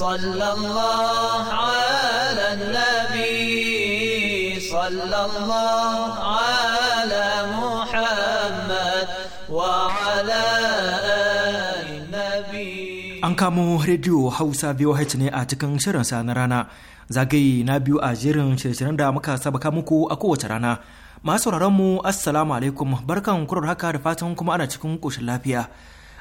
صلى الله على النبي صلى الله على محمد وعلى An kamo rediyo Hausa VOH ne a cikin shirin sa na rana zagaye na biyu a jerin shirye da muka sabaka muku a kowace rana. Masu mu Assalamu alaikum barkan kurar haka da fatan kuma ana cikin ƙoshin lafiya.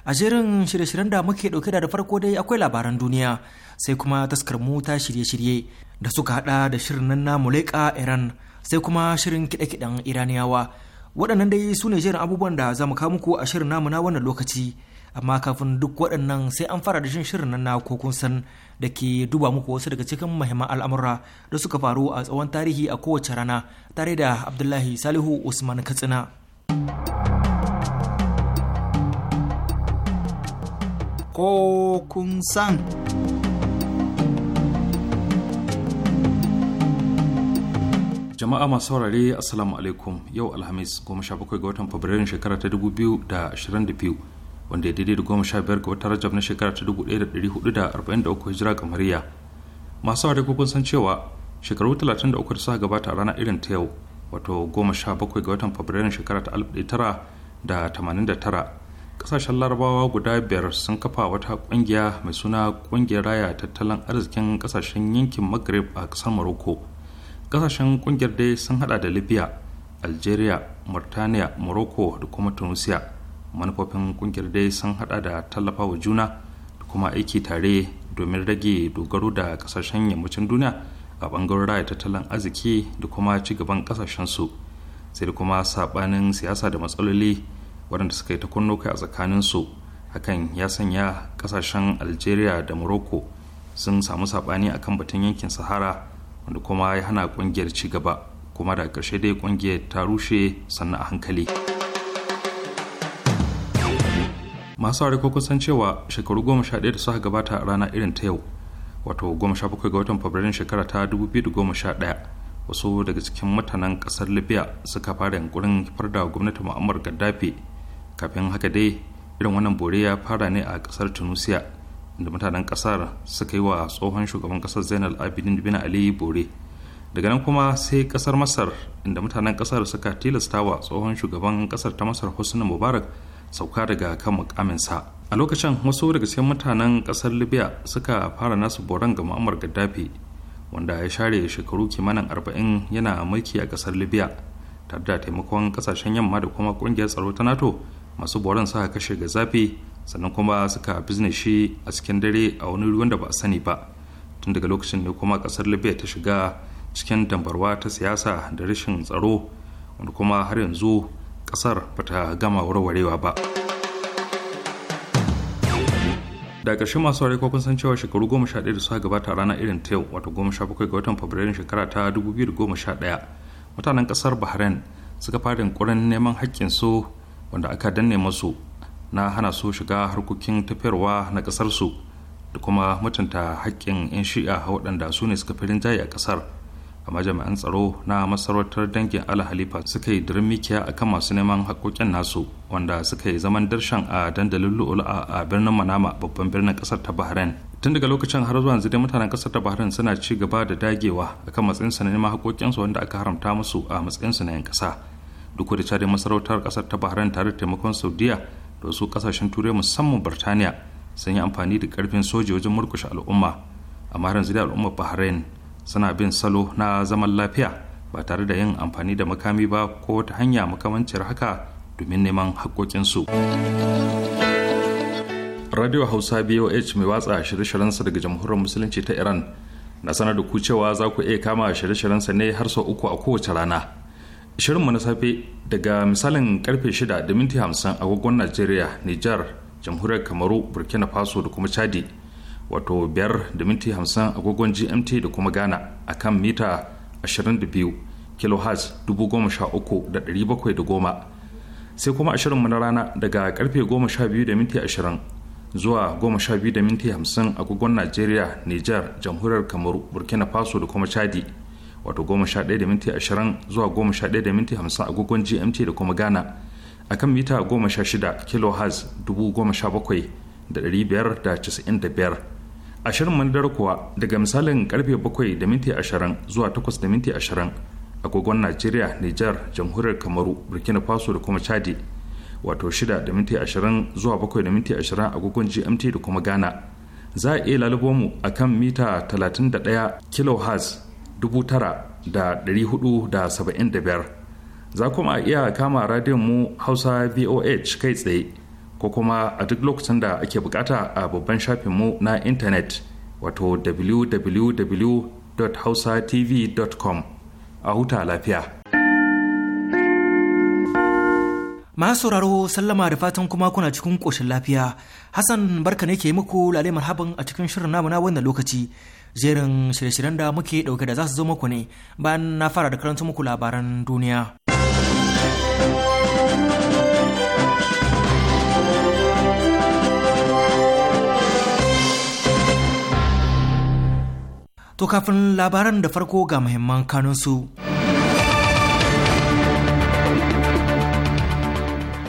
a jerin shirye-shiryen da muke dauke da farko dai akwai labaran duniya sai kuma taskar mu ta shirye-shirye da suka hada da shirin nan na muleka iran sai kuma shirin kiɗe-kiɗen iraniyawa waɗannan dai su ne jerin abubuwan da za mu kawo muku a shirin namu na wannan lokaci amma kafin duk waɗannan sai an fara da shirin nan na kokun san da ke duba muku wasu daga cikin muhimman al'amura da suka faru a tsawon tarihi a kowace rana tare da abdullahi salihu usman katsina ko kun san. jama'a masu saurare assalamu alaikum yau alhamis goma sha bakwai ga watan fabrairun shekara ta dubu biyu da ashirin da biyu wanda ya daidai da goma sha biyar ga watan rajab na shekara ta dubu ɗaya da ɗari hudu da arba'in da uku hijira kamariya masu saurare ko kun san cewa shekaru talatin da uku da suka gabata a ranar irin ta yau wato goma sha bakwai ga watan fabrairun shekara ta alif ɗaya tara da tamanin da tara kasashen larabawa guda biyar sun kafa wata kungiya mai suna kungiyar raya tattalin arzikin kasashen yankin maghrib a kasar morocco kasashen kungiyar dai sun hada da libya algeria murtaniya morocco da kuma tunisia manufofin kungiyar dai sun hada da tallafawa juna da kuma aiki tare domin rage dogaro da kasashen yammacin duniya a bangaren raya tattalin arziki da kuma ci gaban kasashen su sai kuma sabanin siyasa da matsaloli waɗanda suka yi ta kunnuka a tsakaninsu hakan ya sanya kasashen algeria da morocco sun samu saɓani kan batun yankin sahara wanda kuma ya hana ƙungiyar ci gaba kuma da ƙarshe dai ƙungiyar ta rushe sannan a hankali masu harko kusan cewa shekaru goma sha ɗaya da suka gabata a rana irin ta yau wato goma sha bakwai ga watan fabrairun shekara ta dubu biyu da goma sha ɗaya wasu daga cikin mutanen ƙasar libya suka fara yankurin farda da gwamnatin mu'ammar gaddafi kafin haka dai irin wannan bore ya fara ne a kasar tunisia inda mutanen kasar suka yi wa tsohon shugaban kasar zainal abidin bin ali bore daga nan kuma sai kasar masar inda mutanen kasar suka tilasta wa tsohon shugaban kasar ta masar husni mubarak sauka daga kan mukaminsa a lokacin wasu daga cikin mutanen kasar libya suka fara nasu boran ga mu'ammar gaddafi wanda ya share shekaru kimanin arba'in yana mulki a kasar libya tare da taimakon kasashen yamma da kuma kungiyar tsaro ta nato masu boran suka kashe ga zafi sannan kuma suka bizne shi a cikin dare a wani ruwan da ba a sani ba tun daga lokacin ne kuma kasar libya ta shiga cikin dambarwa ta siyasa da rashin tsaro wanda kuma har yanzu kasar ba ta gama warwarewa ba da ƙarshe masu ware kun san cewa shekaru goma sha ɗaya da suka gabata rana irin ta yau wato goma sha bakwai ga watan fabrairun shekara ta dubu biyu da goma sha ɗaya mutanen ƙasar bahrain suka fara yunƙurin neman haƙƙin su wanda aka danne masu na hana su shiga harkokin tafiyarwa na ƙasarsu da kuma mutunta haƙƙin 'yan shi'a waɗanda su ne suka fi rinjaye a ƙasar amma jami'an tsaro na masarautar dangin ala halifa suka yi dirin mikiya akan masu neman haƙƙoƙin nasu wanda suka yi zaman darshan a dandalin lu'ula a birnin manama babban birnin ƙasar ta bahrain tun daga lokacin har zuwa yanzu dai mutanen ƙasar ta bahrain suna ci gaba da dagewa akan matsayinsu na neman haƙƙoƙinsu wanda aka haramta musu a matsayinsu na 'yan kasa. duk da cari masarautar kasar ta bahrain tare da taimakon saudiya da wasu kasashen turai musamman birtaniya sun yi amfani da karfin soji wajen murkushe al'umma amma yanzu da al'ummar bahrain suna bin salo na zaman lafiya ba tare da yin amfani da makami ba ko wata hanya makamancin haka domin neman haƙƙoƙinsu. radio hausa boh mai watsa shirye-shiryensa daga jamhuriyar musulunci ta iran na sanar da ku cewa za ku iya kama shirye sa ne har sau uku a kowace rana mu na safe daga misalin karfe 6 da minti 50 agogon najeriya nijar jamhuriyar kamaru burkina faso da kuma chadi wato 5 da minti 50 agogon gmt da kuma ghana a kan mita 22 kHz 13710 sai kuma mu na rana daga karfe 12 da minti 20 zuwa 12 da minti 50 agogon najeriya nijar jamhuriyar kamaru burkina faso da kuma chadi wato 11:20 zuwa 11:50 agogon gmt da kuma ghana a kan mita 16 kilohertz a shirin manadar kuwa daga misalin karfe bakwai da minti ashirin zuwa takwas da minti ashirin agogon najeriya niger jamhuriyar kamaru burkina faso da kuma chadi wato shida da minti ashirin zuwa bakwai da minti ashirin agogon gmt da kuma ghana za a iya lalubo mu a kan mita 31 kilohertz biyar za kuma iya kama radiyon mu hausa voh kai tsaye ko kuma a duk lokacin da ake bukata a babban mu na intanet wato www.hausatv.com a huta lafiya masu sauraro sallama da fatan kuma kuna cikin koshin lafiya hassan barka ne ke muku lalai marhaban a cikin shirin namu na wannan lokaci jerin shirye-shiryen da muke dauke da za su zo muku ne bayan na fara da karanta muku labaran duniya. To kafin labaran da farko ga muhimman kanunsu.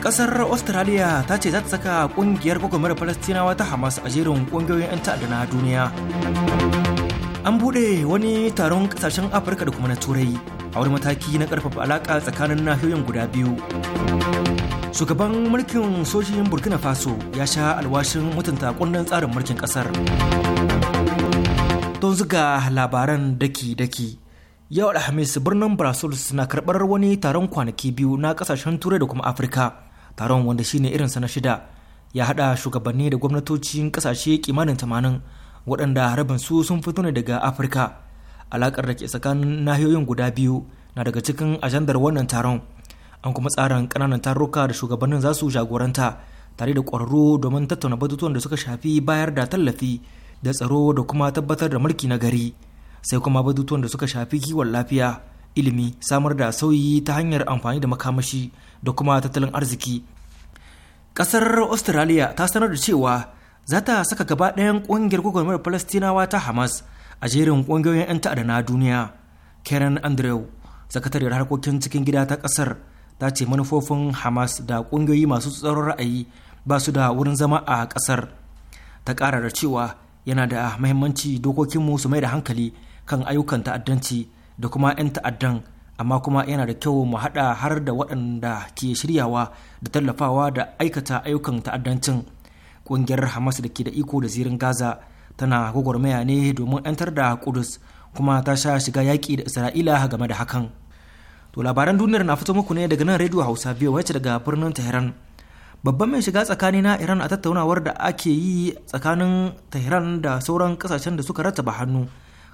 Kasar Australia ta ce za ta saka kungiyar gwagwarmar Falastinawa ta Hamas a jerin kungiyoyin 'yan ta'adda na duniya. an buɗe wani taron ƙasashen afirka da kuma na turai a wani mataki na ƙarfafa alaƙa tsakanin nahiyoyin guda biyu shugaban mulkin sojin burkina faso ya sha alwashin mutunta kundin tsarin mulkin ƙasar don zuga labaran daki-daki yau alhamis birnin brussels na karɓar wani taron kwanaki biyu na ƙasashen turai da kuma afirka taron wanda shine irinsa na shida ya haɗa shugabanni da gwamnatocin ƙasashe kimanin tamanin waɗanda harabin su sun fito ne daga afirka alaƙar da ke tsakanin nahiyoyin guda biyu na daga cikin ajandar wannan taron an kuma tsarin ƙananan taruka da shugabannin za su jagoranta tare da ƙwararru domin tattauna batutuwan da suka shafi bayar da tallafi da tsaro da kuma tabbatar da mulki na gari sai kuma batutuwan da suka shafi kiwon lafiya ilimi samar da sauyi ta hanyar amfani da makamashi da kuma tattalin arziki ƙasar australia ta sanar da cewa za ta saka gaba ɗayan ƙungiyar gwagwarmar Falastinawa ta Hamas a jerin ƙungiyoyin 'yan ta'adda na duniya. Karen Andrew, sakatariyar harkokin cikin gida ta ƙasar, ta ce manufofin Hamas da ƙungiyoyi masu tsaron ra'ayi ba su da wurin zama a ƙasar. Ta ƙara da cewa yana da mahimmanci dokokinmu su mai da hankali kan ayyukan ta'addanci da kuma 'yan ta'addan amma kuma yana da kyau mu haɗa har da waɗanda ke shiryawa da tallafawa da aikata ayyukan ta'addancin. ƙungiyar hamas da ke da iko da zirin gaza tana gwagwarmaya ne domin 'yantar da kudus kuma ta sha shiga yaƙi da isra'ila game da hakan to labaran duniyar na fito muku ne daga nan rediyo hausa biyu wacce daga birnin tehran babban mai shiga tsakani na iran a tattaunawar da ake yi tsakanin tehran da sauran kasashen da suka rattaba hannu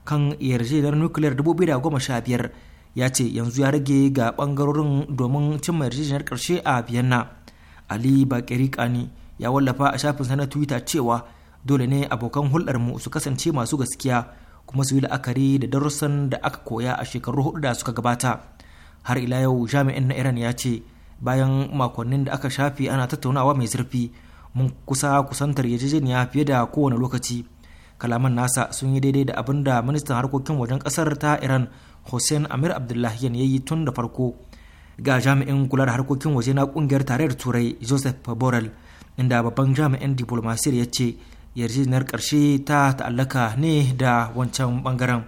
kan yarjejeniyar nukiliyar dubu biyu da 2015 ya ce yanzu ya rage ga bangarorin domin cimma yarjejeniyar karshe a vienna ali bakirikani ya wallafa a shafinsa na twitter cewa dole ne abokan hulɗarmu su kasance masu gaskiya kuma su yi la'akari da darussan da aka koya a shekaru hudu da suka gabata har ila yau jami'in na iran ya ce bayan makonnin da aka shafe ana tattaunawa mai zurfi mun kusa kusantar yarjejeniya fiye da kowane lokaci kalaman nasa sun yi daidai da abin da ministan harkokin wajen kasar ta iran hussein amir abdullahian ya yi tun da farko ga jami'in kula da harkokin waje na kungiyar tarayyar turai joseph borrell inda babban jami'in diplomasiyar ya ce yarjejeniyar ƙarshe ta ta'allaka ne da wancan bangaren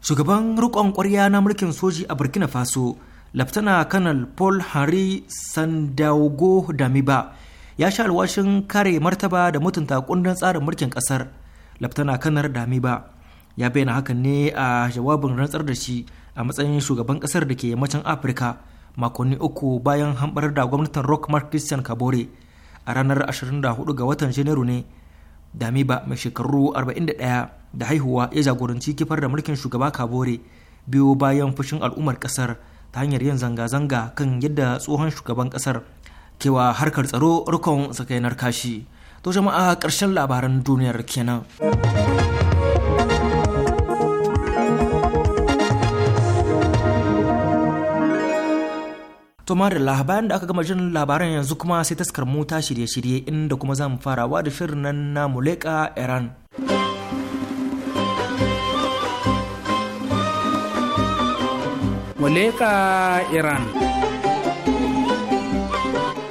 shugaban rikon kwarya na mulkin soji a burkina faso laftana kanal paul henry sandaugo damiba ya sha alwashin kare martaba da mutunta kundin tsarin mulkin ƙasar laftana kanar damiba ya bayyana hakan ne a jawabin rantsar da shi a matsayin shugaban ƙasar da ke yammacin afirka makonni uku bayan hambar da gwamnatin rock mark christian kabore a ranar 24 ga watan janairu ne damiba mai shekaru 41 da haihuwa ya jagoranci kifar da mulkin shugaba kabore biyu bayan fushin al'ummar kasar ta hanyar yin zanga-zanga kan yadda tsohon shugaban kasar kewa harkar tsaro rukun sakainar kashi to jama'a karshen labaran duniyar kenan. To da bayan da aka gama jin labaran yanzu kuma sai taskar mota shirye-shirye inda kuma za mu farawa da shirin nan na Muleka Iran. Muleka Iran.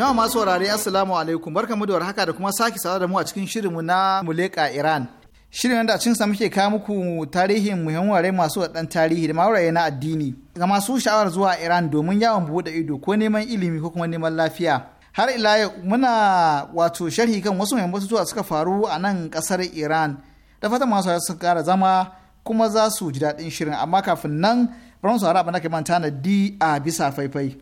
Yawan masu wurare Assalamu alaikum barkamu da warhaka da kuma sake sawa da mu a cikin shirinmu na Muleka Iran. Shirin da cin sa muke kawo muku tarihin muhimman wurare masu wadan tarihi da mawuraye na addini ga masu sha'awar zuwa Iran domin yawon buɗe ido ko neman ilimi ko kuma neman lafiya. Har ila yau muna wato sharhi kan wasu muhimman batutuwa suka faru a nan kasar Iran. Da fatan masu su kara zama kuma za su ji daɗin shirin amma kafin nan bari mu saurara abin da ke manta na di a bisa faifai.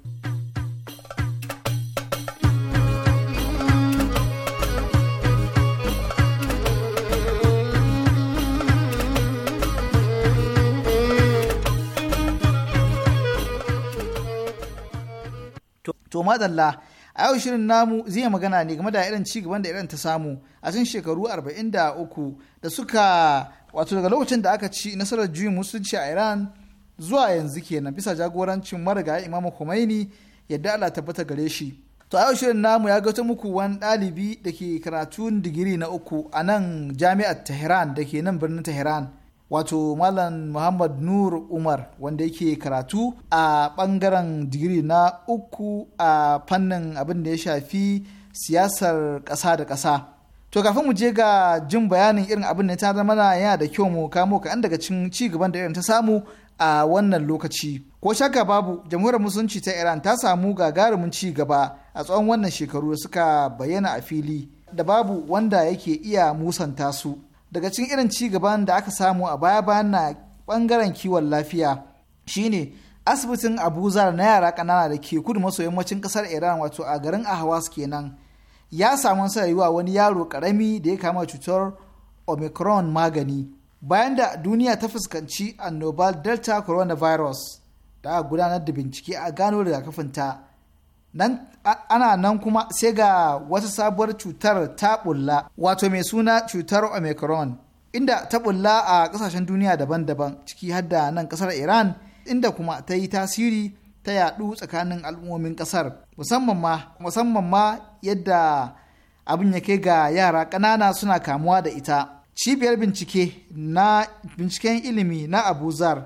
To madalla a yau shirin namu zai magana ne game da irin cigaban da irin ta samu a cikin shekaru 43 da suka wato daga lokacin da aka ci nasarar juyin musulunci a Iran zuwa yanzu kenan bisa jagorancin marga Imam Khomeini yadda Allah tabbata gare shi. To a yau shirin namu ya gato muku wani ɗalibi da ke karatun digiri na uku a nan jami'ar Tehran da ke nan birnin Tehran. wato malam muhammad nur umar wanda yake karatu a bangaren digiri na uku a fannin abin da ya shafi siyasar ƙasa da kasa to kafin mu je ga jin bayanin irin abin da ya ta mana yana da kyau mu kamo ka daga cin ci gaban da irin ta samu a wannan lokaci ko shakka babu jamhuriyar musulunci ta iran ta samu gagarumin ci gaba a tsawon wannan shekaru da suka bayyana a fili da babu wanda yake iya musanta su daga cikin irin ci gaban da aka samu a baya bayan na bangaren kiwon lafiya shine asibitin abuzar na yara kanana da ke kudu maso yammacin kasar iran wato a garin ahawas kenan ya samu sarayuwa wani yaro karami da ya kama cutar omicron magani bayan da duniya ta fuskanci annobar delta coronavirus da gudanar da bincike a gano ta. ana nan kuma sai ga wata sabuwar cutar ta bulla wato mai suna cutar omicron inda ta bulla a kasashen duniya daban-daban ciki har da nan kasar iran inda kuma ta yi tasiri ta yadu tsakanin al'ummomin kasar musamman ma yadda abin ya kai ga yara ƙanana suna kamuwa da ita cibiyar bincike na binciken ilimi na abuzar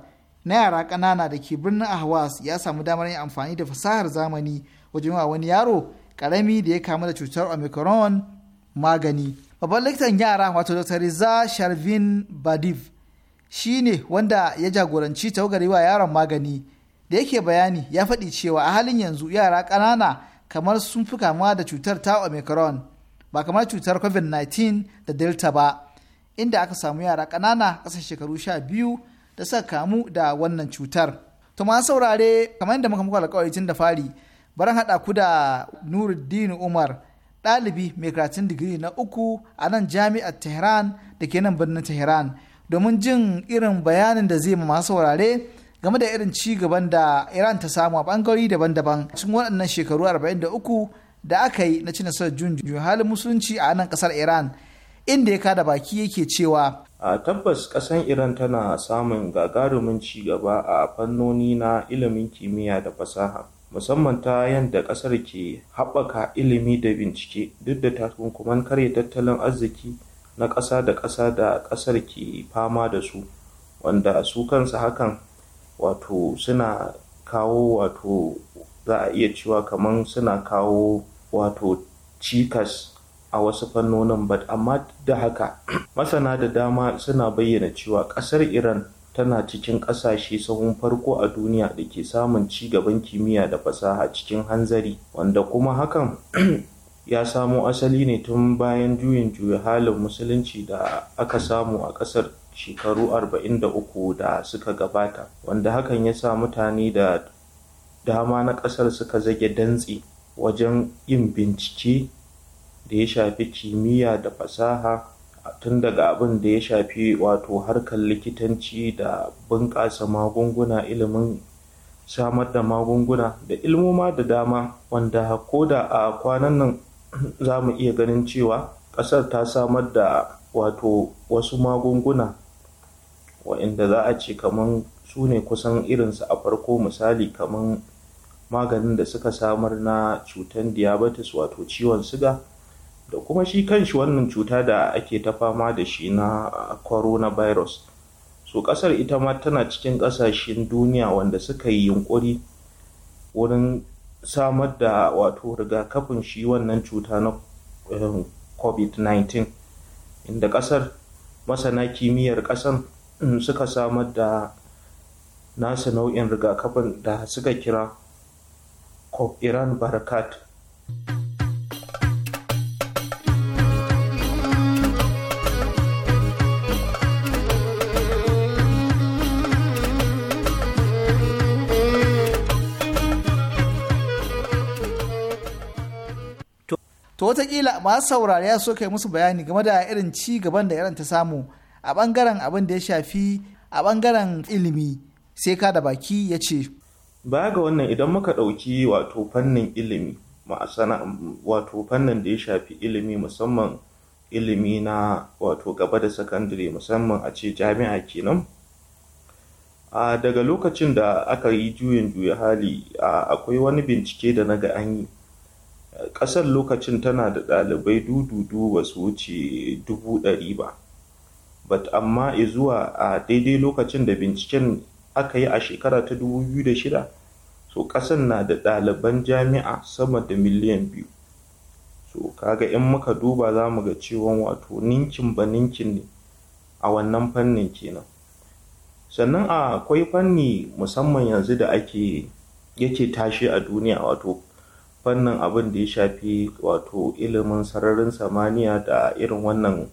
na yara ƙanana da ke birnin ahwas ya samu damar yin amfani da fasahar zamani wajen wa wani yaro karami da ya kamu da cutar omicron magani babban likitan yara wato dr riza sharvin badiv shi ne wanda ya jagoranci tawagar wa yaron magani da yake bayani ya faɗi cewa a halin yanzu yara ƙanana kamar sun fi kamuwa da cutar ta omicron ba kamar cutar covid-19 da delta ba inda aka samu yara ƙanana ƙasa shekaru sha biyu da suka kamu da wannan cutar to ma saurare kamar yadda muka muku alƙawari tun da fari baran haɗa ku da Nuruddin Umar ɗalibi mai karatun digiri na uku a nan jami'ar Tehran da ke nan birnin Tehran domin jin irin bayanin da zai masu saurare game da irin ci gaban da Iran ta samu a bangarori daban-daban cikin waɗannan shekaru 43 da aka yi na cin nasarar junjun halin musulunci a nan ƙasar Iran inda ya kada baki yake cewa a tabbas ƙasar Iran tana samun gagarumin ci gaba a fannoni na ilimin kimiyya da fasaha musamman ta yadda ƙasar ke haɓaka ilimi da bincike duk da takunkuman karya tattalin arziki na ƙasa da ƙasa da ƙasar ke fama da su wanda su kansa hakan wato suna kawo wato za a iya cewa kamar suna kawo wato cikas a wasu fannonin but amma da haka masana da dama suna bayyana cewa ƙasar iran tana cikin ƙasashe sahun farko a duniya da ke samun ci gaban kimiyya da fasaha cikin hanzari wanda kuma hakan ya samo asali ne tun bayan juyin juya halin musulunci da aka samu a ƙasar shekaru 43 da suka gabata wanda hakan ya sa mutane da dama na ƙasar suka zage dantse wajen yin bincike da ya shafi kimiyya da fasaha tun daga abin da ya shafi wato harkar likitanci da bunƙasa magunguna ilimin samar da magunguna da ilmoma da dama wanda ko da a kwanan nan za mu iya ganin cewa ƙasar ta samar da wato wasu magunguna wa'inda za a ce kaman su ne kusan irinsu a farko misali kamar maganin da suka samar na cutan diabetes wato ciwon siga da kuma shi kanshi wannan cuta da ake ta fama da shi na virus, su kasar ita ma tana cikin kasashen duniya wanda suka yi yunkuri wurin samar da wato rigakafin shi wannan cuta na um, covid-19 inda kasar masana kimiyyar kasan um, suka samar da nasu nau'in rigakafin da suka kira iran barakat to watakila masu saurari so kai musu bayani game da irin ci gaban da iran ta samu a bangaren abin da ya shafi a bangaren ilimi sai ka da baki ya ce baya ga wannan idan muka ɗauki wato fannin ilimi wato fannin da ya shafi ilimi musamman ilimi na wato gaba da sakandare musamman a ce jami'a kenan a daga lokacin da aka yi juyin juya hali akwai wani bincike da na ga an yi ƙasar lokacin tana da ɗalibai dududu ba su wuce dubu ɗari ba but amma zuwa a daidai lokacin da binciken aka yi a shekara ta 2006 so ƙasar na da ɗaliban jami'a sama da miliyan biyu so kaga in muka duba za mu ga cewa wato ninkin ba ninkin ne a wannan fannin kenan sannan akwai fanni musamman yanzu da ake yake tashi a duniya wato fannin abin da ya shafi wato ilimin sararin samaniya da irin wannan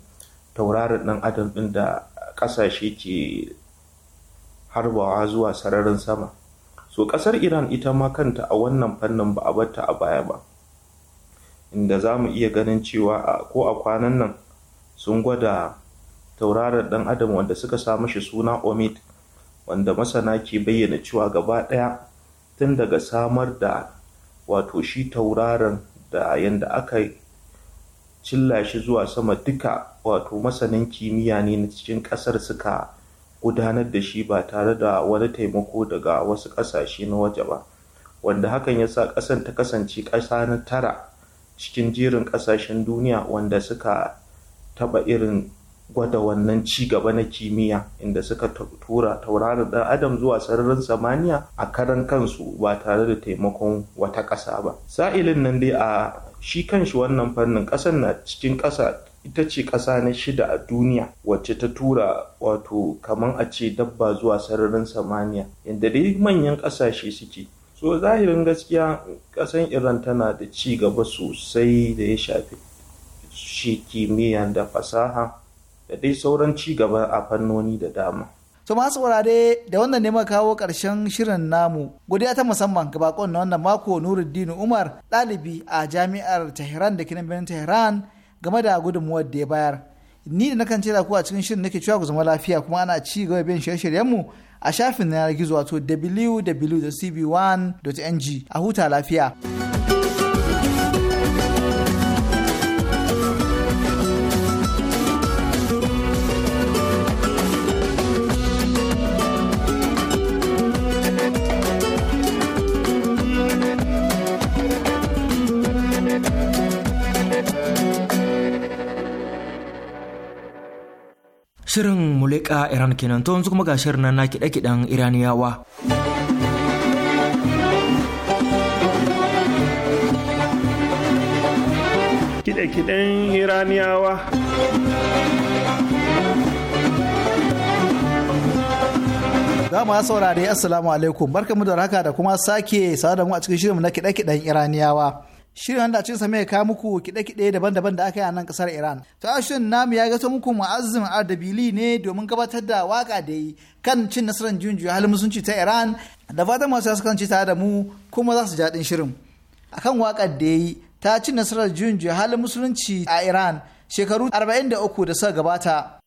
taurarin ɗan adam ɗin da ƙasashe ke harbawa zuwa sararin sama so ƙasar iran ita ma kanta a wannan fannin ba a bata a baya ba inda za mu iya ganin cewa ko a kwanan nan sun gwada tauraron ɗan adam wanda suka samu shi suna omid wanda masana ke bayyana cewa gaba ɗaya tun daga samar da wato shi tauraron da yadda aka cilla shi zuwa sama duka wato masanin kimiyya ne na cikin ƙasar suka gudanar da shi ba tare da wani taimako daga wasu ƙasashe na waje ba wanda hakan ya sa ƙasar ta kasance ƙasa na tara cikin jerin ƙasashen duniya wanda suka taɓa irin gwada wannan ci gaba na kimiyya inda suka tura tauraron dan adam zuwa sararin samaniya a karan kansu ba tare da taimakon wata ƙasa ba sa'ilin nan dai a shi kanshi wannan fannin ƙasar na cikin ƙasa ita ce ƙasa na shida a duniya wacce ta tura wato kamar a ce dabba zuwa sararin samaniya inda dai manyan ƙasashe suke so zahirin gaskiya ƙasan iran tana da ci gaba sosai da ya shafi shi kimiyya da fasaha da dai sauran ci gaba a fannoni da dama. To masu wurare da wannan ne kawo ƙarshen shirin namu. Godiya ta musamman ga bakon na wannan mako Nuruddin Umar ɗalibi a jami'ar Tehran da kinan birnin Tehran game da gudunmuwar da ya bayar. Ni da nakan ce ku a cikin shirin nake cewa ku zama lafiya kuma ana ci gaba bin shirye-shiryenmu a shafin yanar gizo wato www.cb1.ng a huta lafiya. Shirin Mulika Iran kenan to yanzu kuma ga shirin na kiɗe-kiɗen Iraniyawa. Kiɗe-kiɗen Iraniyawa. Za mu saurare Assalamu alaikum barkamu da raka da kuma sake sada mu a cikin shirin na kiɗe-kiɗen Iraniyawa. shirin wanda a cikin mai kawo muku kiɗe-kiɗe daban-daban da aka yi a nan ƙasar Iran. To a shirin namu ya gato muku ma'azin Ardabili ne domin gabatar da waka da yi kan cin nasarar jinjiyar juya halin musulunci ta Iran da fatan masu su kan tare da mu kuma za su ji daɗin shirin. kan waƙar da yi ta cin nasarar jinjiyar halin musulunci a Iran shekaru 43 da suka gabata.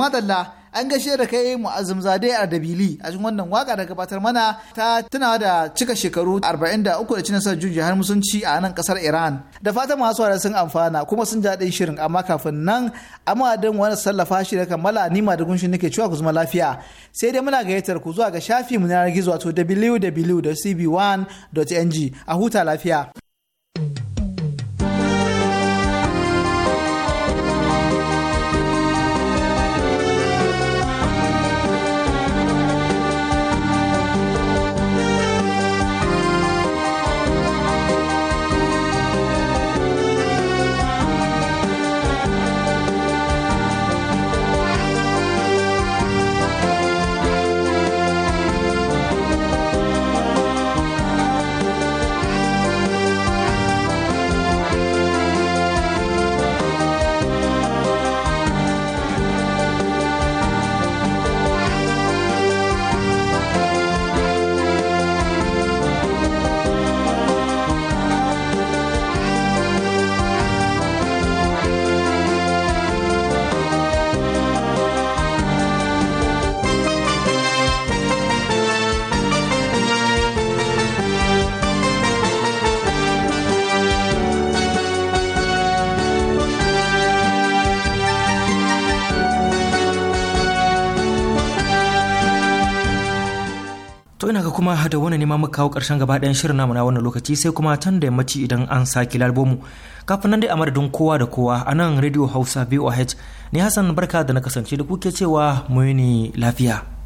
madalla an gaishe da kai mu azum zade a dabili a cikin wannan waka da gabatar mana ta tuna da cika shekaru 43 da cin nasarar juji har musunci a nan kasar iran da fatan masu wada sun amfana kuma sun ji shirin amma kafin nan amma don wani sallafa shi da kammala nima da gunshin nake cewa ku zama lafiya sai dai muna gayyatar ku zuwa ga shafi mu na gizo wato www.cb1.ng a huta lafiya. haka kuma da wani nema muka kawo karshen gaba ɗayan shirin namu na wannan lokaci sai kuma can da yammaci idan an sake lalbomu kafin nan dai a madadin kowa da kowa a nan radio hausa voh ne hassan barka da na kasance da kuke cewa mu ne lafiya